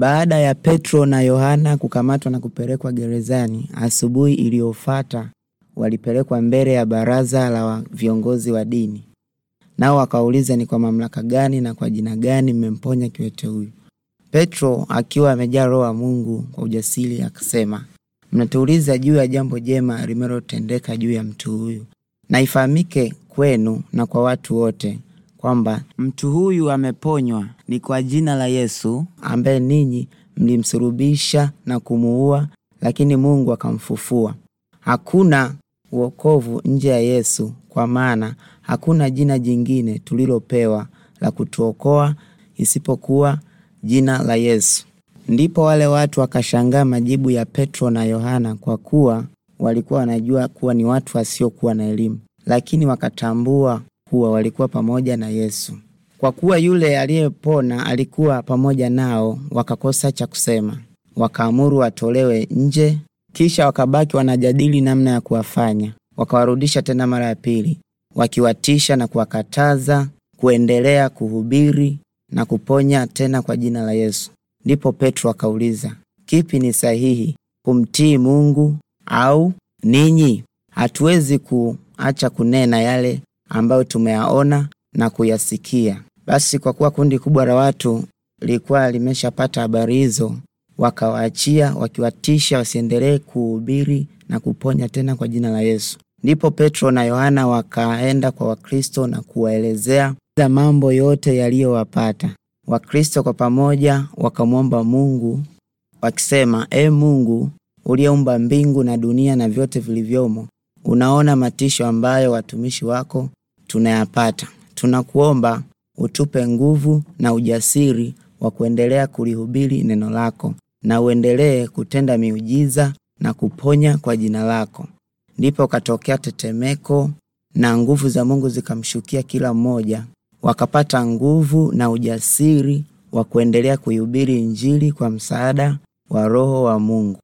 Baada ya Petro na Yohana kukamatwa na kupelekwa gerezani, asubuhi iliyofuata walipelekwa mbele ya baraza la viongozi wa dini, nao wakauliza, ni kwa mamlaka gani na kwa jina gani mmemponya kiwete huyu? Petro akiwa amejaa Roho wa Mungu kwa ujasiri akasema, mnatuuliza juu ya jambo jema limelotendeka juu ya mtu huyu, na ifahamike kwenu na kwa watu wote kwamba mtu huyu ameponywa ni kwa jina la Yesu ambaye ninyi mlimsurubisha na kumuua, lakini Mungu akamfufua. Hakuna uokovu nje ya Yesu, kwa maana hakuna jina jingine tulilopewa la kutuokoa isipokuwa jina la Yesu. Ndipo wale watu wakashangaa majibu ya Petro na Yohana, kwa kuwa walikuwa wanajua kuwa ni watu wasiokuwa na elimu, lakini wakatambua kuwa walikuwa pamoja na Yesu. Kwa kuwa yule aliyepona alikuwa pamoja nao, wakakosa cha kusema, wakaamuru watolewe nje. Kisha wakabaki wanajadili namna ya kuwafanya. Wakawarudisha tena mara ya pili, wakiwatisha na kuwakataza kuendelea kuhubiri na kuponya tena kwa jina la Yesu. Ndipo Petro akauliza, kipi ni sahihi, kumtii Mungu au ninyi? Hatuwezi kuacha kunena yale ambayo tumeyaona na kuyasikia. Basi kwa kuwa kundi kubwa la watu lilikuwa limeshapata habari hizo, wakawaachia wakiwatisha wasiendelee kuhubiri na kuponya tena kwa jina la Yesu. Ndipo Petro na Yohana wakaenda kwa Wakristo na kuwaelezea mambo yote yaliyowapata. Wakristo kwa pamoja wakamwomba Mungu wakisema, E Mungu uliyeumba mbingu na dunia na vyote vilivyomo, unaona matisho ambayo watumishi wako tunayapata. Tunakuomba utupe nguvu na ujasiri wa kuendelea kulihubiri neno lako na uendelee kutenda miujiza na kuponya kwa jina lako. Ndipo katokea tetemeko na nguvu za Mungu zikamshukia kila mmoja, wakapata nguvu na ujasiri wa kuendelea kuihubiri Injili kwa msaada wa Roho wa Mungu.